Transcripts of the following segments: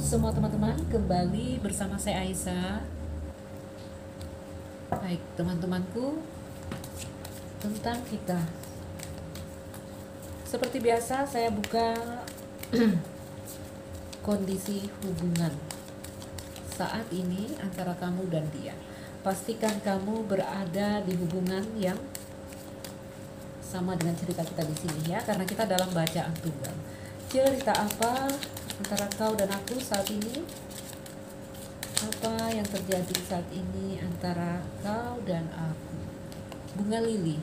semua teman-teman kembali bersama saya Aisyah Baik teman-temanku tentang kita Seperti biasa saya buka kondisi hubungan saat ini antara kamu dan dia Pastikan kamu berada di hubungan yang sama dengan cerita kita di sini ya karena kita dalam bacaan tunggal cerita apa antara kau dan aku saat ini apa yang terjadi saat ini antara kau dan aku bunga lili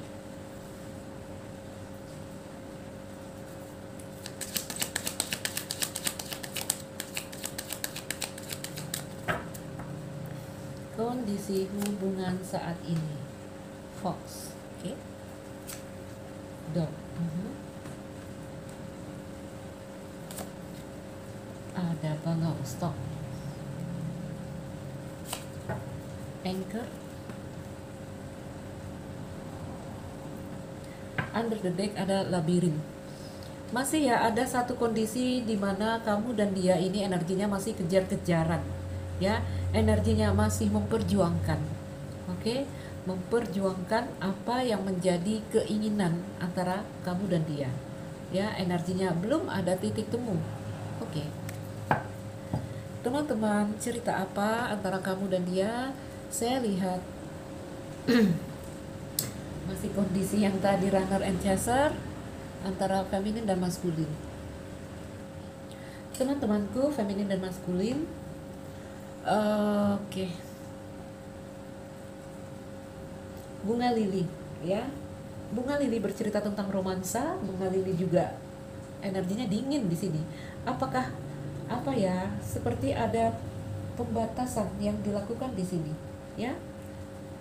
kondisi hubungan saat ini fox oke okay. dog ಡಬ್ಬಂಗ stop. anchor under the deck ada labirin masih ya ada satu kondisi di mana kamu dan dia ini energinya masih kejar-kejaran ya energinya masih memperjuangkan oke okay? memperjuangkan apa yang menjadi keinginan antara kamu dan dia ya energinya belum ada titik temu oke okay. Teman-teman, cerita apa antara kamu dan dia? Saya lihat masih kondisi yang tadi runner and chaser antara feminin dan maskulin. Teman-temanku, feminin dan maskulin. Uh, Oke. Okay. Bunga lili, ya. Bunga lili bercerita tentang romansa, bunga lili juga energinya dingin di sini. Apakah apa ya seperti ada pembatasan yang dilakukan di sini ya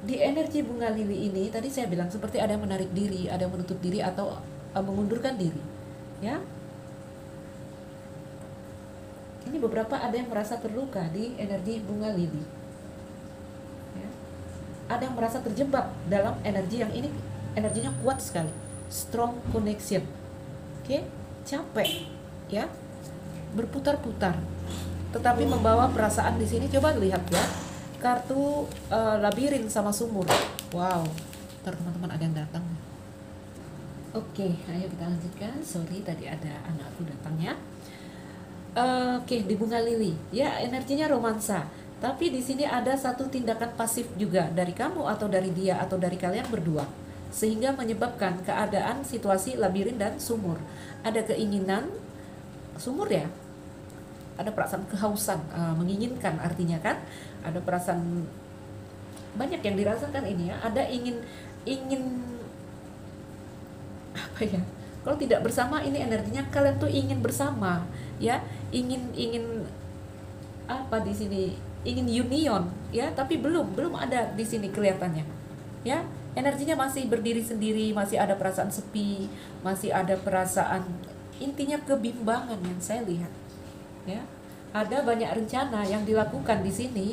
di energi bunga lili ini tadi saya bilang seperti ada yang menarik diri ada yang menutup diri atau uh, mengundurkan diri ya ini beberapa ada yang merasa terluka di energi bunga lili ya. ada yang merasa terjebak dalam energi yang ini energinya kuat sekali strong connection oke okay? capek ya berputar-putar tetapi membawa perasaan di sini coba lihat ya kartu uh, labirin sama sumur wow ntar teman-teman ada yang datang oke ayo kita lanjutkan sorry tadi ada anakku datangnya ya. Eh, oke di bunga lili ya energinya romansa tapi di sini ada satu tindakan pasif juga dari kamu atau dari dia atau dari kalian berdua sehingga menyebabkan keadaan situasi labirin dan sumur ada keinginan sumur ya ada perasaan kehausan uh, menginginkan artinya kan ada perasaan banyak yang dirasakan ini ya ada ingin ingin apa ya kalau tidak bersama ini energinya kalian tuh ingin bersama ya ingin ingin apa di sini ingin union ya tapi belum belum ada di sini kelihatannya ya energinya masih berdiri sendiri masih ada perasaan sepi masih ada perasaan intinya kebimbangan yang saya lihat ya ada banyak rencana yang dilakukan di sini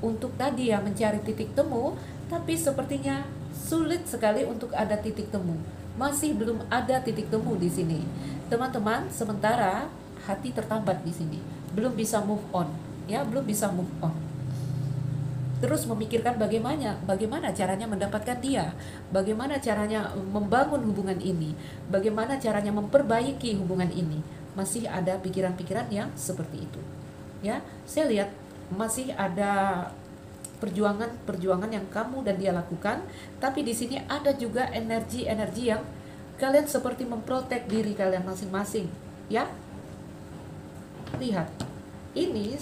untuk tadi ya mencari titik temu tapi sepertinya sulit sekali untuk ada titik temu masih belum ada titik temu di sini teman-teman sementara hati tertambat di sini belum bisa move on ya belum bisa move on terus memikirkan bagaimana bagaimana caranya mendapatkan dia, bagaimana caranya membangun hubungan ini, bagaimana caranya memperbaiki hubungan ini masih ada pikiran-pikiran yang seperti itu. Ya, saya lihat masih ada perjuangan-perjuangan yang kamu dan dia lakukan, tapi di sini ada juga energi-energi yang kalian seperti memprotek diri kalian masing-masing, ya. Lihat. Ini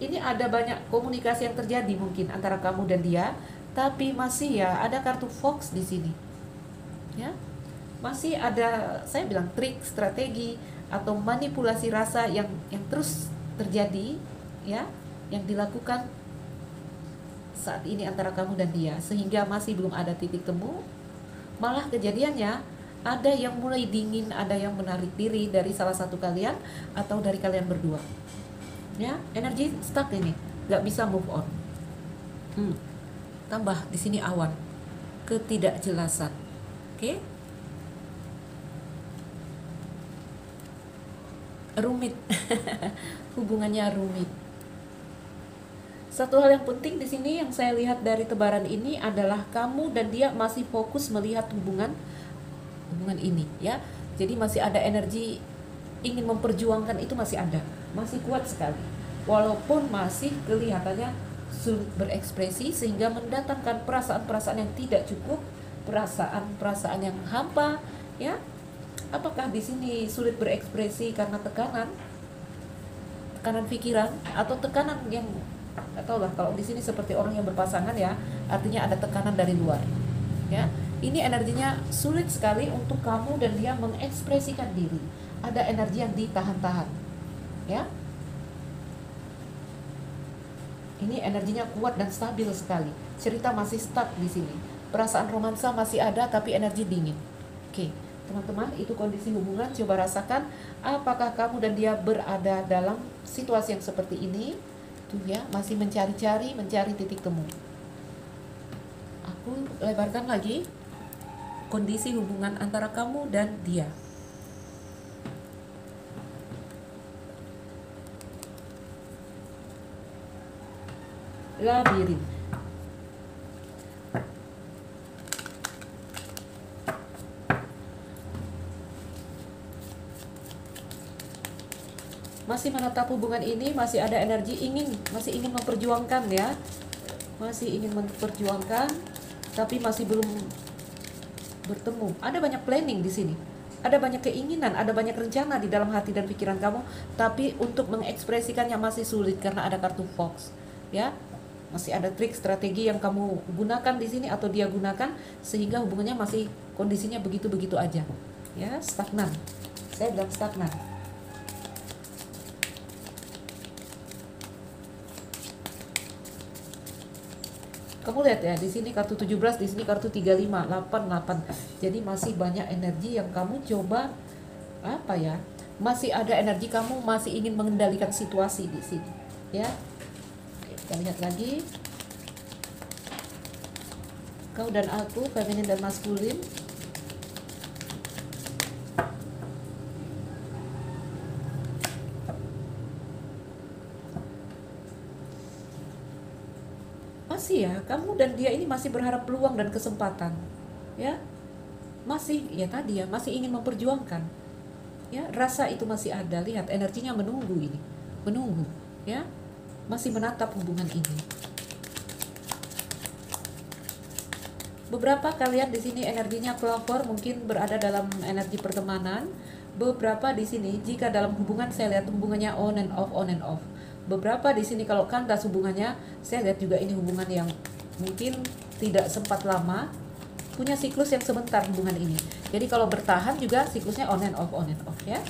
ini ada banyak komunikasi yang terjadi mungkin antara kamu dan dia, tapi masih ya ada kartu fox di sini. Ya. Masih ada saya bilang trik, strategi, atau manipulasi rasa yang yang terus terjadi ya yang dilakukan saat ini antara kamu dan dia sehingga masih belum ada titik temu malah kejadiannya ada yang mulai dingin ada yang menarik diri dari salah satu kalian atau dari kalian berdua ya energi stuck ini nggak bisa move on hmm. tambah di sini awan ketidakjelasan oke okay? rumit hubungannya rumit satu hal yang penting di sini yang saya lihat dari tebaran ini adalah kamu dan dia masih fokus melihat hubungan hubungan ini ya jadi masih ada energi ingin memperjuangkan itu masih ada masih kuat sekali walaupun masih kelihatannya sulit berekspresi sehingga mendatangkan perasaan-perasaan yang tidak cukup perasaan-perasaan yang hampa ya Apakah di sini sulit berekspresi karena tekanan? Tekanan pikiran atau tekanan yang atau lah kalau di sini seperti orang yang berpasangan ya, artinya ada tekanan dari luar. Ya. Ini energinya sulit sekali untuk kamu dan dia mengekspresikan diri. Ada energi yang ditahan-tahan. Ya. Ini energinya kuat dan stabil sekali. Cerita masih stuck di sini. Perasaan romansa masih ada tapi energi dingin. Oke. Okay. Teman-teman, itu kondisi hubungan. Coba rasakan apakah kamu dan dia berada dalam situasi yang seperti ini. Tuh ya, masih mencari-cari, mencari titik temu. Aku lebarkan lagi kondisi hubungan antara kamu dan dia. Labirin. masih menetap hubungan ini masih ada energi ingin masih ingin memperjuangkan ya masih ingin memperjuangkan tapi masih belum bertemu ada banyak planning di sini ada banyak keinginan, ada banyak rencana di dalam hati dan pikiran kamu, tapi untuk mengekspresikannya masih sulit karena ada kartu fox, ya. Masih ada trik strategi yang kamu gunakan di sini atau dia gunakan sehingga hubungannya masih kondisinya begitu-begitu aja. Ya, stagnan. Saya bilang stagnan. Kamu lihat ya, di sini kartu 17, di sini kartu 35, 88. Jadi masih banyak energi yang kamu coba apa ya? Masih ada energi kamu masih ingin mengendalikan situasi di sini, ya. kita lihat lagi. Kau dan aku, feminin dan maskulin, kamu dan dia ini masih berharap peluang dan kesempatan ya masih ya tadi ya masih ingin memperjuangkan ya rasa itu masih ada lihat energinya menunggu ini menunggu ya masih menatap hubungan ini beberapa kalian di sini energinya pelopor mungkin berada dalam energi pertemanan beberapa di sini jika dalam hubungan saya lihat hubungannya on and off on and off beberapa di sini kalau kandas hubungannya saya lihat juga ini hubungan yang mungkin tidak sempat lama punya siklus yang sebentar hubungan ini. Jadi kalau bertahan juga siklusnya on and off, on and off ya.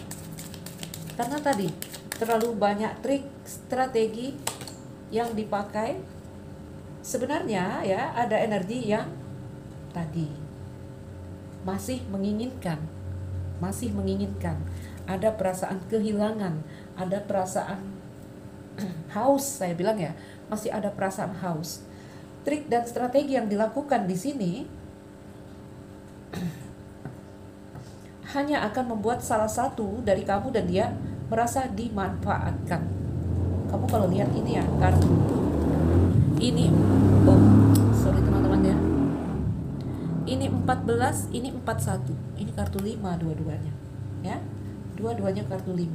Karena tadi terlalu banyak trik strategi yang dipakai sebenarnya ya ada energi yang tadi masih menginginkan masih menginginkan ada perasaan kehilangan ada perasaan haus saya bilang ya masih ada perasaan haus trik dan strategi yang dilakukan di sini hanya akan membuat salah satu dari kamu dan dia merasa dimanfaatkan. Kamu kalau lihat ini ya kartu ini oh sorry teman-teman ya ini 14 ini 41 ini kartu 5 dua-duanya ya dua-duanya kartu 5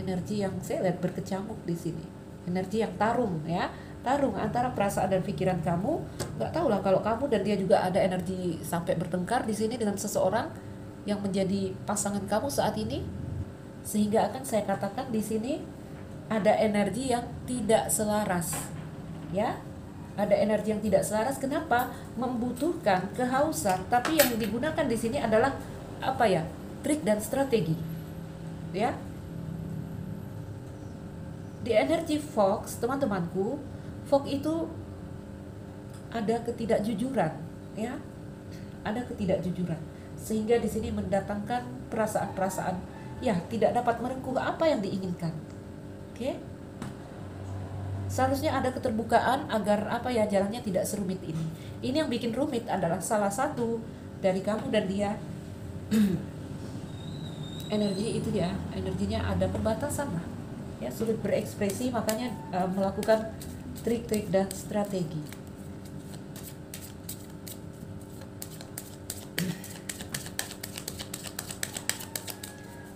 energi yang saya lihat berkecamuk di sini energi yang tarung ya tarung antara perasaan dan pikiran kamu nggak tahu lah kalau kamu dan dia juga ada energi sampai bertengkar di sini dengan seseorang yang menjadi pasangan kamu saat ini sehingga akan saya katakan di sini ada energi yang tidak selaras ya ada energi yang tidak selaras kenapa membutuhkan kehausan tapi yang digunakan di sini adalah apa ya trik dan strategi ya di energi fox teman-temanku Fok itu ada ketidakjujuran, ya, ada ketidakjujuran, sehingga di sini mendatangkan perasaan-perasaan, ya, tidak dapat merengkuh apa yang diinginkan. Oke, seharusnya ada keterbukaan agar apa ya jalannya tidak serumit ini. Ini yang bikin rumit adalah salah satu dari kamu dan dia. energi itu ya, energinya ada pembatasan lah. Ya sulit berekspresi, makanya uh, melakukan trik-trik dan strategi.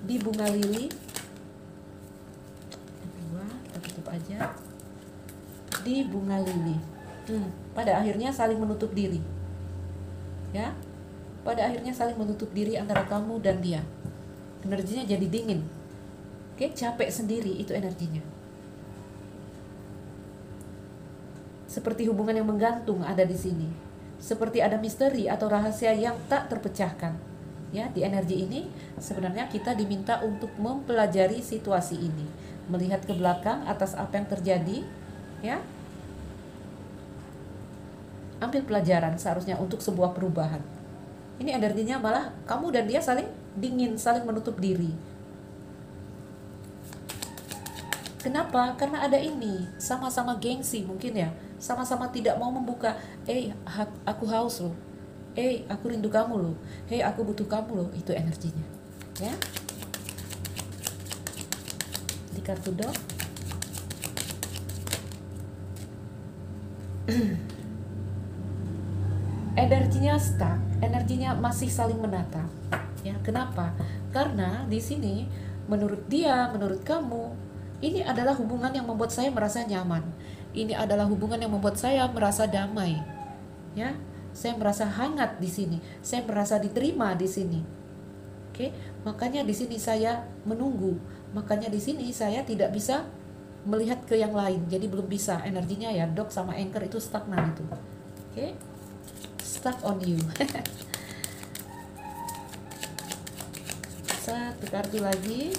Di bunga lili, tutup aja. Di bunga lili, hmm, pada akhirnya saling menutup diri, ya. Pada akhirnya saling menutup diri antara kamu dan dia. Energinya jadi dingin. Oke, capek sendiri itu energinya seperti hubungan yang menggantung ada di sini. Seperti ada misteri atau rahasia yang tak terpecahkan. Ya, di energi ini sebenarnya kita diminta untuk mempelajari situasi ini, melihat ke belakang atas apa yang terjadi, ya. Ambil pelajaran seharusnya untuk sebuah perubahan. Ini energinya malah kamu dan dia saling dingin, saling menutup diri. Kenapa? Karena ada ini, sama-sama gengsi mungkin ya sama-sama tidak mau membuka eh aku haus loh eh aku rindu kamu loh hei aku butuh kamu loh itu energinya ya di kartu dok energinya stuck energinya masih saling menata, ya kenapa karena di sini menurut dia menurut kamu ini adalah hubungan yang membuat saya merasa nyaman ini adalah hubungan yang membuat saya merasa damai. Ya, saya merasa hangat di sini. Saya merasa diterima di sini. Oke, makanya di sini saya menunggu. Makanya di sini saya tidak bisa melihat ke yang lain. Jadi belum bisa energinya ya. Dok sama anchor itu stagnan itu. Oke. Stuck on you. satu kartu lagi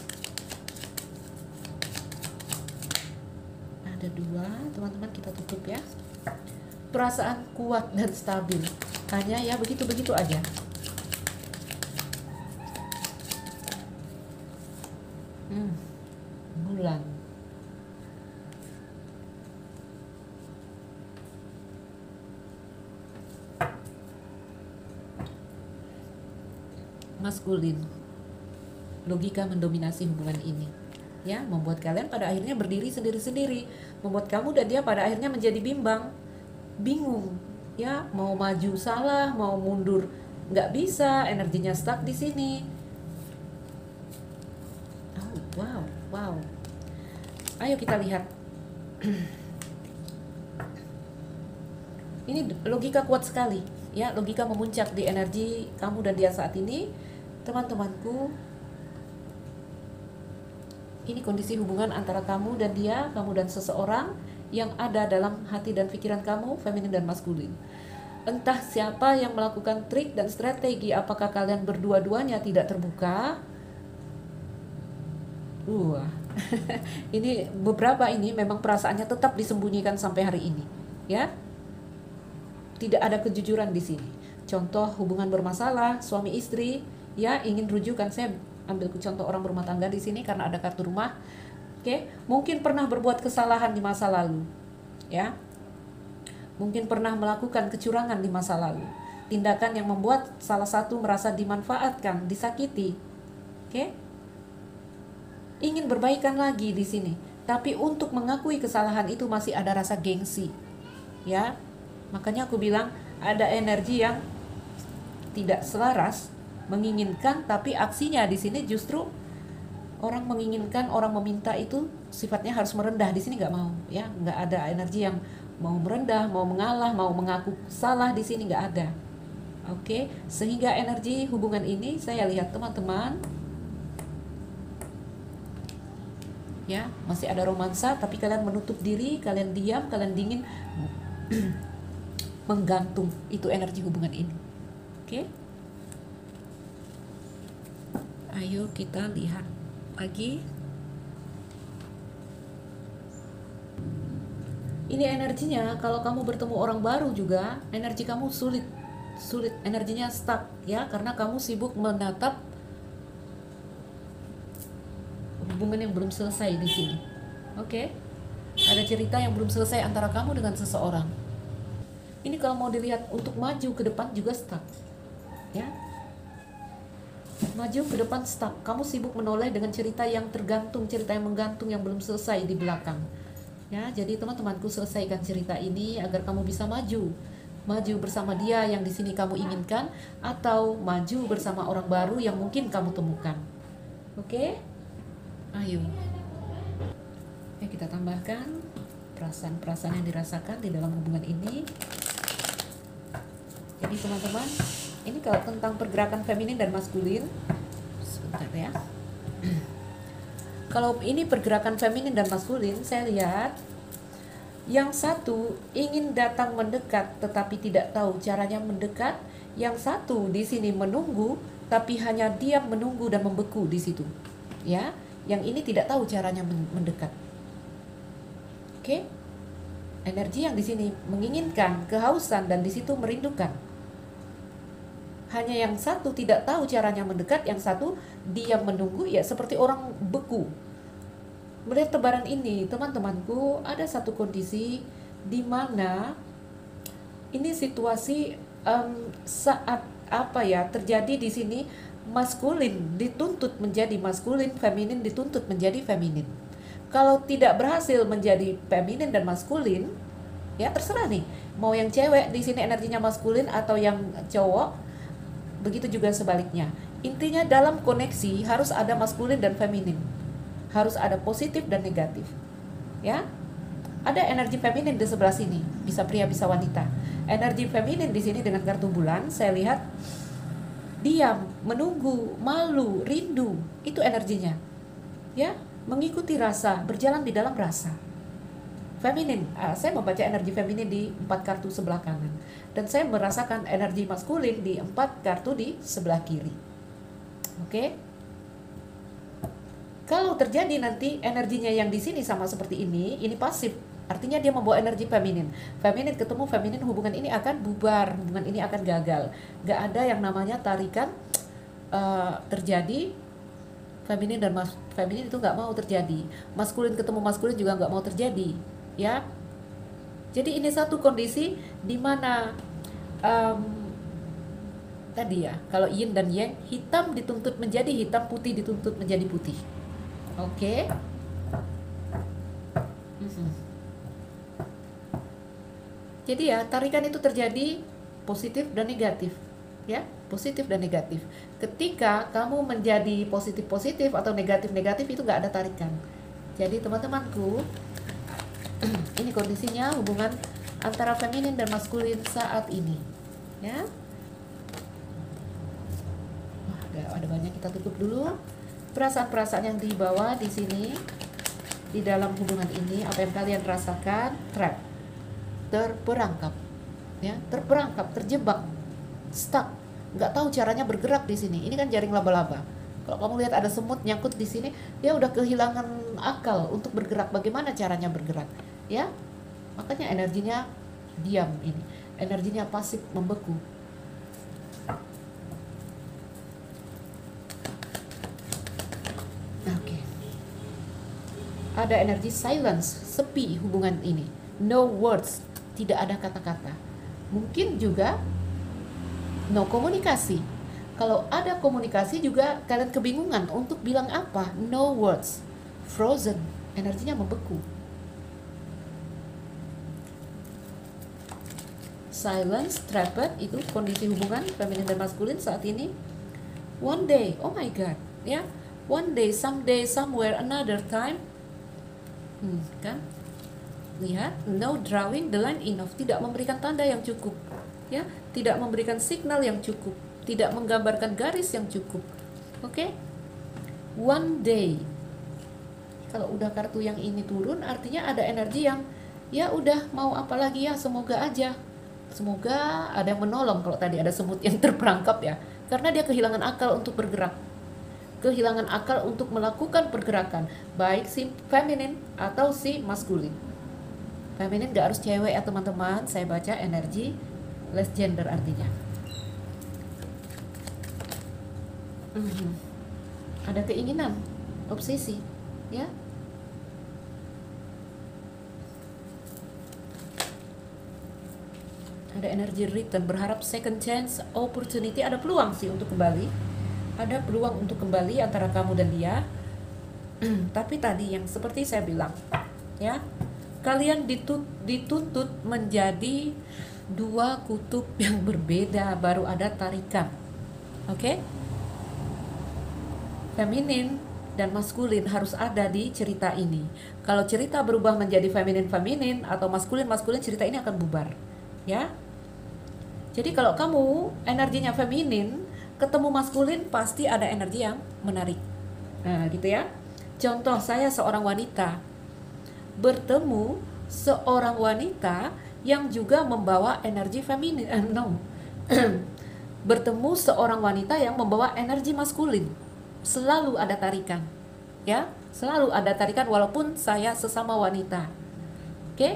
kedua teman-teman kita tutup ya perasaan kuat dan stabil hanya ya begitu-begitu aja hmm, bulan maskulin logika mendominasi hubungan ini ya membuat kalian pada akhirnya berdiri sendiri-sendiri membuat kamu dan dia pada akhirnya menjadi bimbang bingung ya mau maju salah mau mundur nggak bisa energinya stuck di sini oh, wow wow ayo kita lihat ini logika kuat sekali ya logika memuncak di energi kamu dan dia saat ini teman-temanku ini kondisi hubungan antara kamu dan dia, kamu dan seseorang yang ada dalam hati dan pikiran kamu, feminin dan maskulin. Entah siapa yang melakukan trik dan strategi, apakah kalian berdua-duanya tidak terbuka? uh, ini beberapa ini memang perasaannya tetap disembunyikan sampai hari ini, ya. Tidak ada kejujuran di sini. Contoh hubungan bermasalah suami istri, ya ingin rujukan saya ambil contoh orang berumah tangga di sini karena ada kartu rumah. Oke, okay? mungkin pernah berbuat kesalahan di masa lalu. Ya. Mungkin pernah melakukan kecurangan di masa lalu. Tindakan yang membuat salah satu merasa dimanfaatkan, disakiti. Oke? Okay? Ingin berbaikan lagi di sini, tapi untuk mengakui kesalahan itu masih ada rasa gengsi. Ya. Makanya aku bilang ada energi yang tidak selaras menginginkan tapi aksinya di sini justru orang menginginkan orang meminta itu sifatnya harus merendah di sini nggak mau ya nggak ada energi yang mau merendah mau mengalah mau mengaku salah di sini nggak ada oke sehingga energi hubungan ini saya lihat teman-teman ya masih ada romansa tapi kalian menutup diri kalian diam kalian dingin menggantung itu energi hubungan ini oke okay? ayo kita lihat lagi ini energinya kalau kamu bertemu orang baru juga energi kamu sulit sulit energinya stuck ya karena kamu sibuk menatap hubungan yang belum selesai di sini oke okay? ada cerita yang belum selesai antara kamu dengan seseorang ini kalau mau dilihat untuk maju ke depan juga stuck ya maju ke depan stop. Kamu sibuk menoleh dengan cerita yang tergantung, cerita yang menggantung yang belum selesai di belakang. Ya, jadi teman-temanku selesaikan cerita ini agar kamu bisa maju. Maju bersama dia yang di sini kamu inginkan atau maju bersama orang baru yang mungkin kamu temukan. Oke? Okay? Ayo. Ya, kita tambahkan perasaan-perasaan yang dirasakan di dalam hubungan ini. Jadi teman-teman, ini kalau tentang pergerakan feminin dan maskulin sebentar ya kalau ini pergerakan feminin dan maskulin saya lihat yang satu ingin datang mendekat tetapi tidak tahu caranya mendekat. Yang satu di sini menunggu tapi hanya diam menunggu dan membeku di situ. Ya, yang ini tidak tahu caranya mendekat. Oke. Okay? Energi yang di sini menginginkan, kehausan dan di situ merindukan. Hanya yang satu tidak tahu caranya mendekat, yang satu diam menunggu ya seperti orang beku. Melihat tebaran ini, teman-temanku, ada satu kondisi di mana ini situasi um, saat apa ya terjadi di sini maskulin dituntut menjadi maskulin, feminin dituntut menjadi feminin. Kalau tidak berhasil menjadi feminin dan maskulin, ya terserah nih. Mau yang cewek di sini energinya maskulin atau yang cowok begitu juga sebaliknya. Intinya dalam koneksi harus ada maskulin dan feminin. Harus ada positif dan negatif. Ya. Ada energi feminin di sebelah sini, bisa pria bisa wanita. Energi feminin di sini dengan kartu bulan saya lihat diam, menunggu, malu, rindu, itu energinya. Ya, mengikuti rasa, berjalan di dalam rasa feminin. Uh, saya membaca energi feminin di empat kartu sebelah kanan dan saya merasakan energi maskulin di empat kartu di sebelah kiri. Oke. Okay? Kalau terjadi nanti energinya yang di sini sama seperti ini, ini pasif. Artinya dia membawa energi feminin. Feminin ketemu feminin hubungan ini akan bubar, hubungan ini akan gagal. Gak ada yang namanya tarikan uh, terjadi feminin dan mas feminin itu gak mau terjadi maskulin ketemu maskulin juga gak mau terjadi ya jadi ini satu kondisi di mana um, tadi ya kalau yin dan yang hitam dituntut menjadi hitam putih dituntut menjadi putih oke okay. jadi ya tarikan itu terjadi positif dan negatif ya positif dan negatif ketika kamu menjadi positif positif atau negatif negatif itu nggak ada tarikan jadi teman-temanku ini kondisinya hubungan antara feminin dan maskulin saat ini ya Wah, ada, banyak kita tutup dulu perasaan-perasaan yang dibawa di sini di dalam hubungan ini apa yang kalian rasakan trap terperangkap ya terperangkap terjebak stuck nggak tahu caranya bergerak di sini ini kan jaring laba-laba kalau kamu lihat ada semut nyangkut di sini, dia udah kehilangan akal untuk bergerak. Bagaimana caranya bergerak? ya makanya energinya diam ini energinya pasif membeku oke okay. ada energi silence sepi hubungan ini no words tidak ada kata-kata mungkin juga no komunikasi kalau ada komunikasi juga kalian kebingungan untuk bilang apa no words frozen energinya membeku silence, trapped itu kondisi hubungan feminin dan maskulin saat ini. One day, oh my god, ya. Yeah. One day, someday, somewhere, another time. Hmm, kan? Lihat, no drawing the line enough, tidak memberikan tanda yang cukup. Ya, tidak memberikan signal yang cukup, tidak menggambarkan garis yang cukup. Oke? Okay? One day. Kalau udah kartu yang ini turun, artinya ada energi yang ya udah mau apa lagi ya, semoga aja Semoga ada yang menolong kalau tadi ada semut yang terperangkap ya. Karena dia kehilangan akal untuk bergerak. Kehilangan akal untuk melakukan pergerakan. Baik si feminin atau si maskulin. Feminin gak harus cewek ya teman-teman. Saya baca energi less gender artinya. Mhm. Ada keinginan, obsesi, ya. ada energi return berharap second chance opportunity ada peluang sih untuk kembali ada peluang untuk kembali antara kamu dan dia tapi tadi yang seperti saya bilang ya kalian ditut, dituntut menjadi dua kutub yang berbeda baru ada tarikan oke okay? feminin dan maskulin harus ada di cerita ini. Kalau cerita berubah menjadi feminin-feminin atau maskulin-maskulin cerita ini akan bubar. Ya. Jadi kalau kamu energinya feminin, ketemu maskulin pasti ada energi yang menarik. Nah, gitu ya. Contoh saya seorang wanita bertemu seorang wanita yang juga membawa energi feminin. Eh, no. bertemu seorang wanita yang membawa energi maskulin. Selalu ada tarikan. Ya, selalu ada tarikan walaupun saya sesama wanita. Oke? Okay?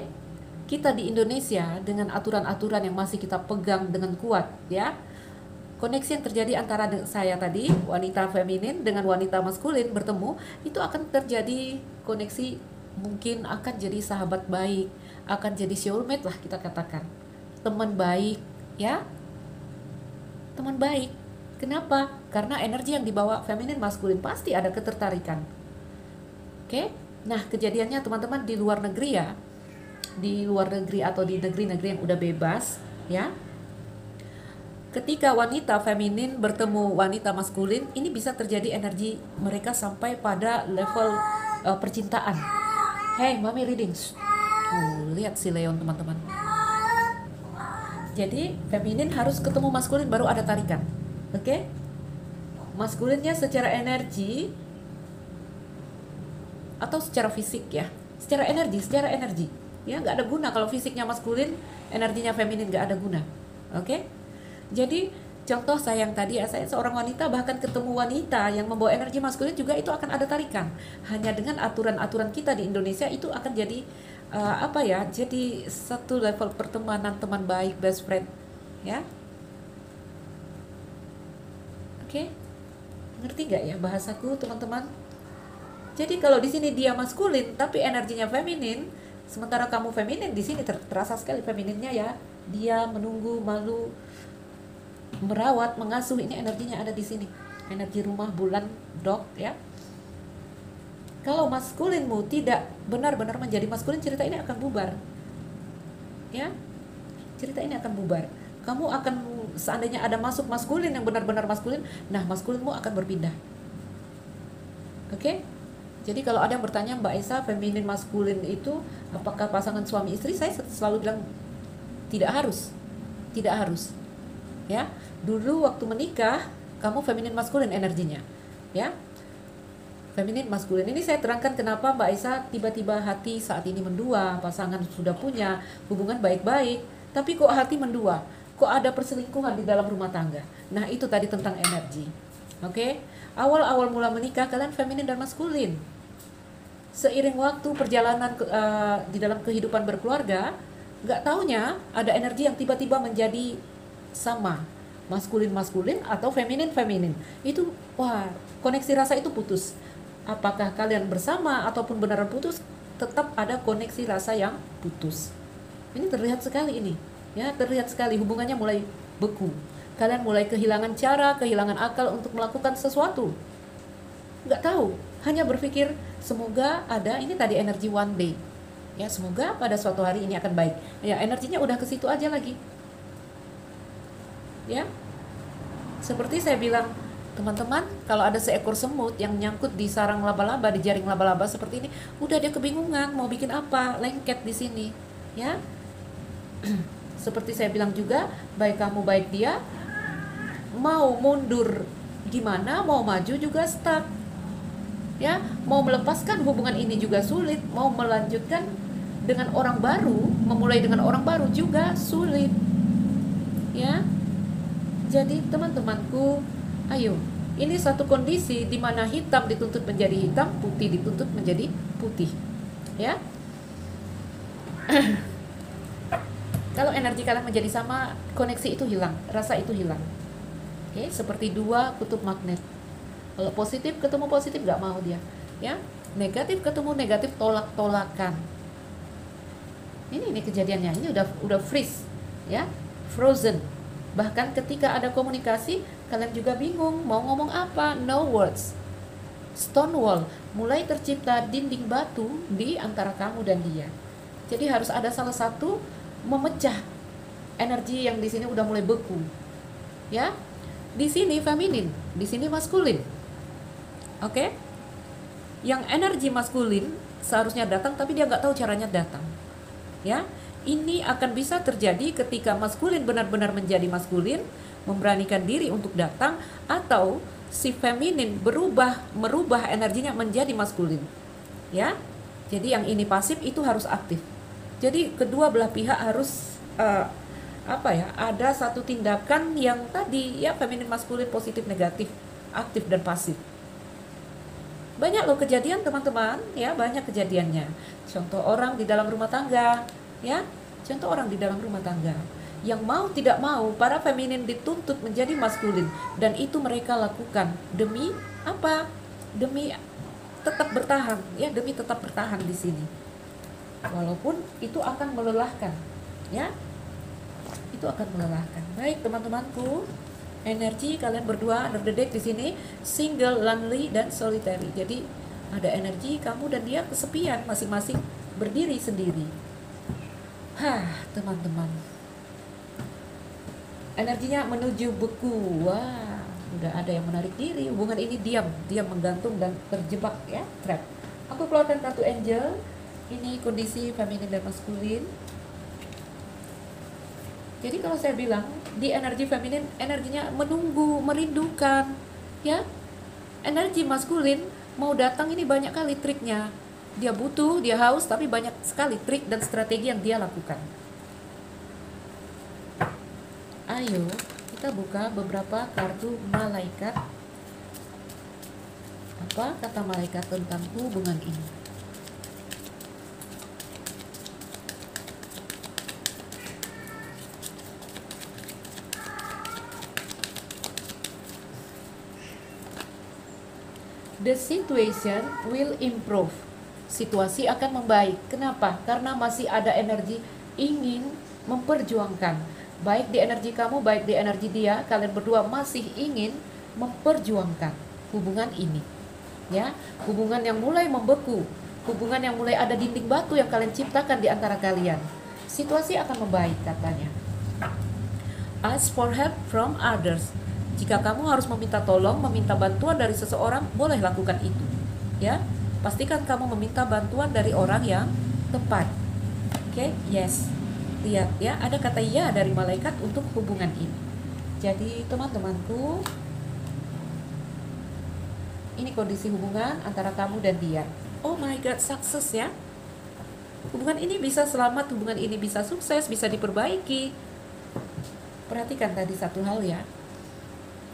kita di Indonesia dengan aturan-aturan yang masih kita pegang dengan kuat ya koneksi yang terjadi antara saya tadi wanita feminin dengan wanita maskulin bertemu itu akan terjadi koneksi mungkin akan jadi sahabat baik akan jadi soulmate lah kita katakan teman baik ya teman baik kenapa karena energi yang dibawa feminin maskulin pasti ada ketertarikan oke nah kejadiannya teman-teman di luar negeri ya di luar negeri atau di negeri-negeri yang udah bebas, ya. Ketika wanita feminin bertemu wanita maskulin, ini bisa terjadi energi mereka sampai pada level uh, percintaan. Hey, mami reading. Uh, lihat si Leon teman-teman. Jadi feminin harus ketemu maskulin baru ada tarikan, oke? Okay? Maskulinnya secara energi atau secara fisik ya, secara energi, secara energi ya nggak ada guna kalau fisiknya maskulin energinya feminin nggak ada guna oke okay? jadi contoh saya yang tadi ya saya seorang wanita bahkan ketemu wanita yang membawa energi maskulin juga itu akan ada tarikan hanya dengan aturan-aturan kita di Indonesia itu akan jadi uh, apa ya jadi satu level pertemanan teman baik best friend ya oke okay? ngerti nggak ya bahasaku teman-teman jadi kalau di sini dia maskulin tapi energinya feminin Sementara kamu feminin di sini terasa sekali femininnya ya. Dia menunggu, malu, merawat, mengasuh ini energinya ada di sini. Energi rumah bulan dog ya. Kalau maskulinmu tidak benar-benar menjadi maskulin, cerita ini akan bubar. Ya. Cerita ini akan bubar. Kamu akan seandainya ada masuk maskulin yang benar-benar maskulin, nah maskulinmu akan berpindah. Oke? Okay? Jadi kalau ada yang bertanya Mbak Esa feminin maskulin itu apakah pasangan suami istri? Saya selalu bilang tidak harus. Tidak harus. Ya. Dulu waktu menikah kamu feminin maskulin energinya. Ya. Feminin maskulin ini saya terangkan kenapa Mbak Esa tiba-tiba hati saat ini mendua, pasangan sudah punya hubungan baik-baik, tapi kok hati mendua? Kok ada perselingkuhan di dalam rumah tangga? Nah, itu tadi tentang energi. Oke. Okay? awal-awal mula menikah kalian feminin dan maskulin seiring waktu perjalanan ke, uh, di dalam kehidupan berkeluarga nggak taunya ada energi yang tiba-tiba menjadi sama maskulin maskulin atau feminin feminin itu wah koneksi rasa itu putus apakah kalian bersama ataupun benar putus tetap ada koneksi rasa yang putus ini terlihat sekali ini ya terlihat sekali hubungannya mulai beku kalian mulai kehilangan cara, kehilangan akal untuk melakukan sesuatu. Nggak tahu, hanya berpikir semoga ada ini tadi energi one day. Ya, semoga pada suatu hari ini akan baik. Ya, energinya udah ke situ aja lagi. Ya. Seperti saya bilang, teman-teman, kalau ada seekor semut yang nyangkut di sarang laba-laba, di jaring laba-laba seperti ini, udah dia kebingungan mau bikin apa, lengket di sini. Ya. Seperti saya bilang juga, baik kamu baik dia, mau mundur gimana mau maju juga stuck ya mau melepaskan hubungan ini juga sulit mau melanjutkan dengan orang baru memulai dengan orang baru juga sulit ya jadi teman-temanku ayo ini satu kondisi di mana hitam dituntut menjadi hitam putih dituntut menjadi putih ya kalau energi kalian menjadi sama koneksi itu hilang rasa itu hilang Oke, okay? seperti dua kutub magnet. Kalau positif ketemu positif nggak mau dia, ya. Negatif ketemu negatif tolak-tolakan. Ini ini kejadiannya. Ini udah udah freeze, ya. Frozen. Bahkan ketika ada komunikasi, kalian juga bingung mau ngomong apa, no words. Stone wall mulai tercipta dinding batu di antara kamu dan dia. Jadi harus ada salah satu memecah energi yang di sini udah mulai beku. Ya, di sini feminin, di sini maskulin. Oke? Okay? Yang energi maskulin seharusnya datang tapi dia nggak tahu caranya datang. Ya? Ini akan bisa terjadi ketika maskulin benar-benar menjadi maskulin, memberanikan diri untuk datang atau si feminin berubah merubah energinya menjadi maskulin. Ya? Jadi yang ini pasif itu harus aktif. Jadi kedua belah pihak harus uh, apa ya ada satu tindakan yang tadi ya feminin maskulin positif negatif aktif dan pasif banyak loh kejadian teman-teman ya banyak kejadiannya contoh orang di dalam rumah tangga ya contoh orang di dalam rumah tangga yang mau tidak mau para feminin dituntut menjadi maskulin dan itu mereka lakukan demi apa demi tetap bertahan ya demi tetap bertahan di sini walaupun itu akan melelahkan ya itu akan melelahkan. Baik teman-temanku, energi kalian berdua under the di sini single, lonely dan solitary. Jadi ada energi kamu dan dia kesepian masing-masing berdiri sendiri. Hah, teman-teman. Energinya menuju beku. Wah, udah ada yang menarik diri. Hubungan ini diam, diam menggantung dan terjebak ya, trap. Aku keluarkan kartu angel. Ini kondisi feminin dan maskulin jadi kalau saya bilang di energi feminin energinya menunggu, merindukan, ya. Energi maskulin mau datang ini banyak kali triknya. Dia butuh, dia haus, tapi banyak sekali trik dan strategi yang dia lakukan. Ayo, kita buka beberapa kartu malaikat. Apa kata malaikat tentang hubungan ini? the situation will improve. Situasi akan membaik. Kenapa? Karena masih ada energi ingin memperjuangkan. Baik di energi kamu, baik di energi dia, kalian berdua masih ingin memperjuangkan hubungan ini. Ya, hubungan yang mulai membeku, hubungan yang mulai ada dinding batu yang kalian ciptakan di antara kalian. Situasi akan membaik katanya. Ask for help from others jika kamu harus meminta tolong, meminta bantuan dari seseorang, boleh lakukan itu. Ya, pastikan kamu meminta bantuan dari orang yang tepat. Oke, okay? yes. Lihat ya, ada kata ya dari malaikat untuk hubungan ini. Jadi teman-temanku, ini kondisi hubungan antara kamu dan dia. Oh my god, sukses ya. Hubungan ini bisa selamat, hubungan ini bisa sukses, bisa diperbaiki. Perhatikan tadi satu hal ya,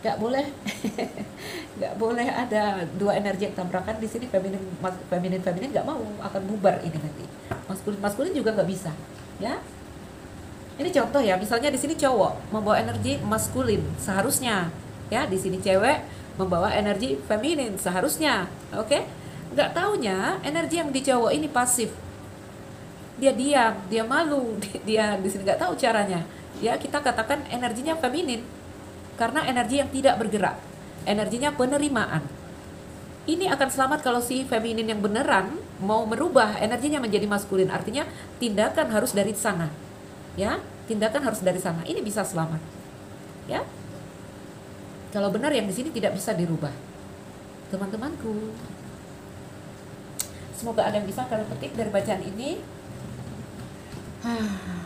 nggak boleh nggak boleh ada dua energi yang tabrakan di sini feminin feminin feminin nggak mau akan bubar ini nanti maskulin maskulin juga nggak bisa ya ini contoh ya misalnya di sini cowok membawa energi maskulin seharusnya ya di sini cewek membawa energi feminin seharusnya oke okay? nggak taunya energi yang di cowok ini pasif dia diam dia malu dia di sini nggak tahu caranya ya kita katakan energinya feminin karena energi yang tidak bergerak. Energinya penerimaan. Ini akan selamat kalau si feminin yang beneran mau merubah energinya menjadi maskulin. Artinya tindakan harus dari sana. Ya, tindakan harus dari sana. Ini bisa selamat. Ya. Kalau benar yang di sini tidak bisa dirubah. Teman-temanku. Semoga ada yang bisa kalian petik dari bacaan ini. Ah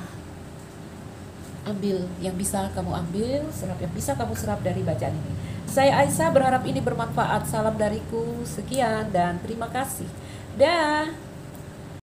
ambil yang bisa kamu ambil, serap yang bisa kamu serap dari bacaan ini. Saya Aisyah berharap ini bermanfaat. Salam dariku, sekian dan terima kasih. Dah.